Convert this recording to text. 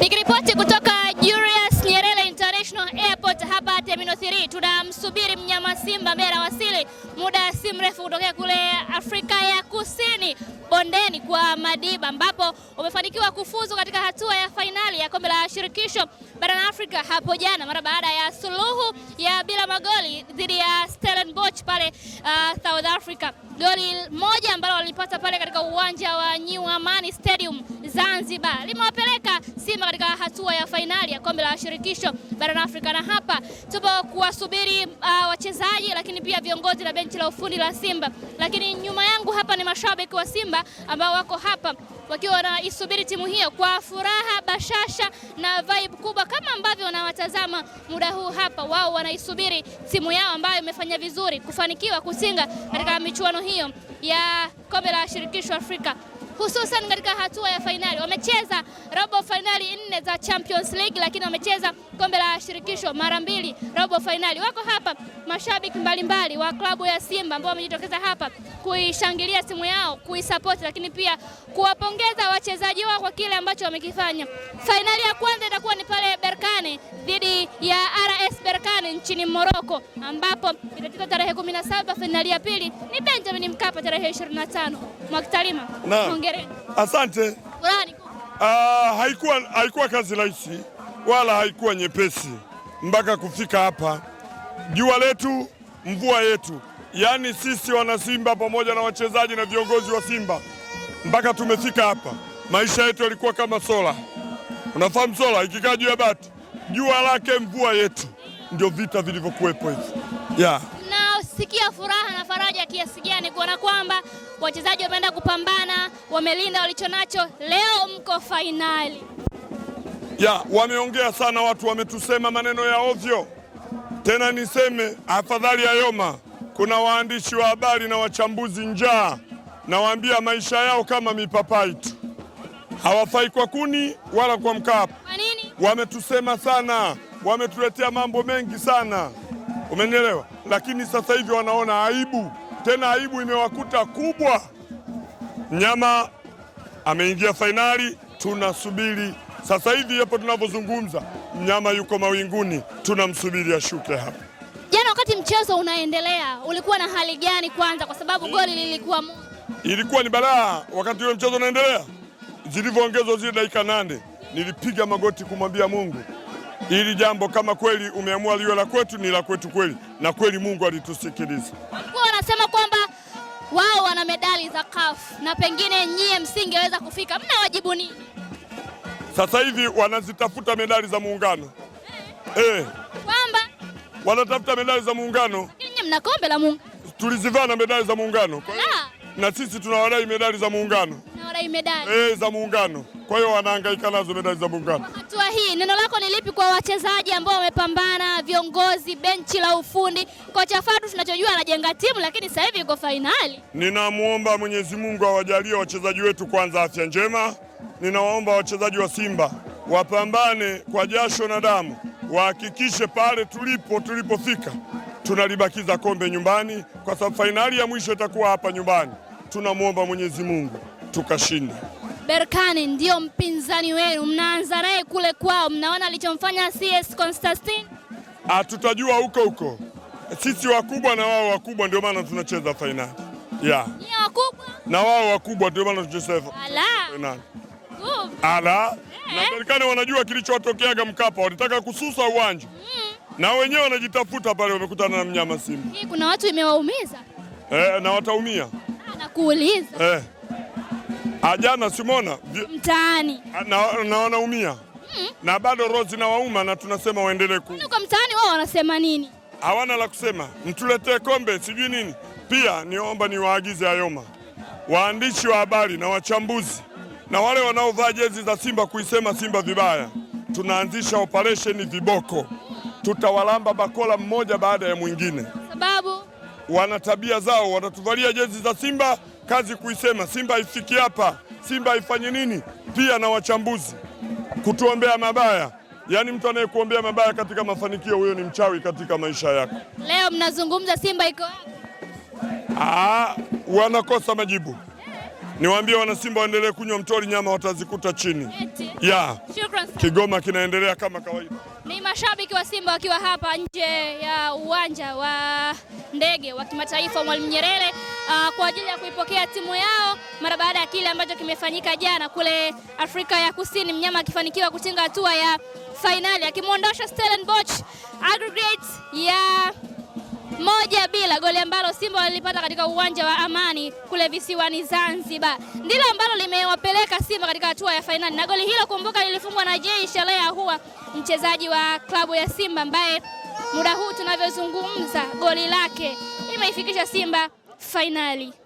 Nikiripoti kutoka Julius Nyerere International Airport hapa Terminal 3, tunamsubiri mnyama simba ambaye anawasili muda si mrefu kutokea kule Afrika ya Kusini bondeni kwa Madiba, ambapo umefanikiwa kufuzu katika hatua ya fainali ya kombe la shirikisho barani Afrika hapo jana, mara baada ya suluhu ya bila magoli dhidi ya Stellenbosch pale uh, South Africa. Goli moja ambalo walipata pale katika uwanja wa New Amani Stadium Zanzibar limewapeleka hatua ya fainali ya kombe la shirikisho barani Afrika, na hapa tupo kuwasubiri uh, wachezaji lakini pia viongozi na benchi la ufundi la Simba. Lakini nyuma yangu hapa ni mashabiki wa Simba ambao wako hapa wakiwa wanaisubiri timu hiyo kwa furaha bashasha na vibe kubwa, kama ambavyo wanawatazama muda huu hapa. Wao wanaisubiri timu yao ambayo imefanya vizuri kufanikiwa kutinga katika michuano hiyo ya kombe la shirikisho Afrika hususan katika hatua ya fainali. Wamecheza robo fainali nne za Champions League, lakini wamecheza kombe la shirikisho mara mbili robo fainali. Wako hapa mashabiki mbalimbali wa klabu ya Simba ambao wamejitokeza hapa kuishangilia timu yao, kuisapoti, lakini pia kuwapongeza wachezaji wao kwa kile ambacho wamekifanya. Fainali ya kwanza itakuwa ni pale Berkane dhidi ya RS Berkane nchini Morocco, ambapo itachezwa tarehe 17. Fainali ya pili ni Benjamin Mkapa tarehe 25. Mwakitalima, hongereni. Asante. Uh, haikuwa, haikuwa kazi rahisi wala haikuwa nyepesi mpaka kufika hapa. Jua letu mvua yetu, yaani sisi wana Simba pamoja na wachezaji na viongozi wa Simba mpaka tumefika hapa. Maisha yetu yalikuwa kama sola, unafahamu sola ikikaa juu ya bati, jua lake mvua yetu ndio vita vilivyokuwepo hivi yeah. sikia furaha na faraja kiasi gani kuona kwamba wachezaji wameenda kupambana, wamelinda walichonacho, leo mko fainali ya yeah. Wameongea sana watu, wametusema maneno ya ovyo. Tena niseme afadhali ya Yoma, kuna waandishi wa habari na wachambuzi njaa, nawaambia maisha yao kama mipapai tu, hawafai kwa kuni wala kwa Mkapa. Kwa nini? Wametusema sana wametuletea mambo mengi sana, umenielewa? Lakini sasa hivi wanaona aibu, tena aibu imewakuta kubwa. Mnyama ameingia fainali, tunasubiri sasa hivi hapo tunavyozungumza, mnyama yuko mawinguni, tunamsubiri ashuke hapa. Jana wakati mchezo unaendelea, ulikuwa na hali gani kwanza, kwa sababu goli lilikuwa moja? Ilikuwa ni balaa wakati ule mchezo unaendelea, zilivyoongezwa zile dakika nane, nilipiga magoti kumwambia Mungu Hili jambo kama kweli umeamua liwe la kwetu, ni la kwetu kweli, na kweli Mungu alitusikiliza. Walikuwa wanasema kwamba wao wana medali za CAF na pengine nyie msingeweza kufika, mna wajibu nini? Sasa hivi wanazitafuta medali za muungano eh, eh. Kwamba wanatafuta medali za muungano, nyie mna kombe la muungano, tulizivana medali za muungano na sisi tunawadai medali za muungano madai medali e, za muungano. Kwa hiyo wanahangaika nazo medali za muungano. Kwa hatua hii, neno lako ni lipi kwa wachezaji ambao wamepambana, viongozi, benchi la ufundi? Kocha Fadu tunachojua anajenga timu, lakini sasa hivi yuko fainali. Ninamwomba Mwenyezi Mungu awajalie wachezaji wetu kwanza afya njema. Ninawaomba wachezaji wa Simba wapambane kwa jasho na damu, wahakikishe pale tulipo tulipofika tunalibakiza kombe nyumbani, kwa sababu fainali ya mwisho itakuwa hapa nyumbani. Tunamwomba Mwenyezi Mungu tukashinda Berkane ndio mpinzani wenu, mnaanza naye kule kwao, mnaona alichomfanya CS Constantine? Ah, tutajua huko huko, sisi wakubwa na wao wakubwa, ndio maana tunacheza fainali yeah. wakubwa na wao wakubwa, ndio maana tunacheza fainali ala yeah. na Berkane wanajua kilichowatokeaga Mkapa, walitaka kususa uwanja mm. na wenyewe wanajitafuta pale, wamekutana na mnyama Simba. Hii kuna watu imewaumiza eh, na wataumia. Ah, nakuuliza eh. Ajana ah, simona mtaani ah, na wanaumia na, mm. na bado roho zinawauma na tunasema waendelee ku. kwa mtaani wao wanasema nini? Hawana la kusema, mtuletee kombe sijui nini. Pia niomba niwaagize Ayoma, waandishi wa habari na wachambuzi na wale wanaovaa jezi za Simba kuisema Simba vibaya, tunaanzisha operesheni viboko, tutawalamba bakola mmoja baada ya mwingine, sababu wana tabia zao, wanatuvalia jezi za Simba kazi kuisema, Simba ifiki hapa, Simba ifanye nini, pia na wachambuzi kutuombea mabaya. Yaani mtu anayekuombea mabaya katika mafanikio, huyo ni mchawi katika maisha yako. Leo mnazungumza Simba iko wapi? Ah, wanakosa majibu. Niwaambie wanasimba waendelee kunywa mtori, nyama watazikuta chini ya yeah. Kigoma kinaendelea kama kawaida. Ni mashabiki wa Simba wakiwa hapa nje ya uwanja wa ndege wa kimataifa Mwalimu Nyerere uh, kwa ajili ya kuipokea timu yao mara baada ya kile ambacho kimefanyika jana kule Afrika ya Kusini, mnyama akifanikiwa kutinga hatua ya fainali akimwondosha Stellenbosch aggregate ya moja bila, goli ambalo Simba walilipata katika uwanja wa Amani kule visiwani Zanzibar ndilo ambalo limewapeleka Simba katika hatua ya fainali, na goli hilo kumbuka, lilifungwa na Jay Shalea huwa mchezaji wa klabu ya Simba ambaye muda huu tunavyozungumza goli lake imeifikisha Simba fainali.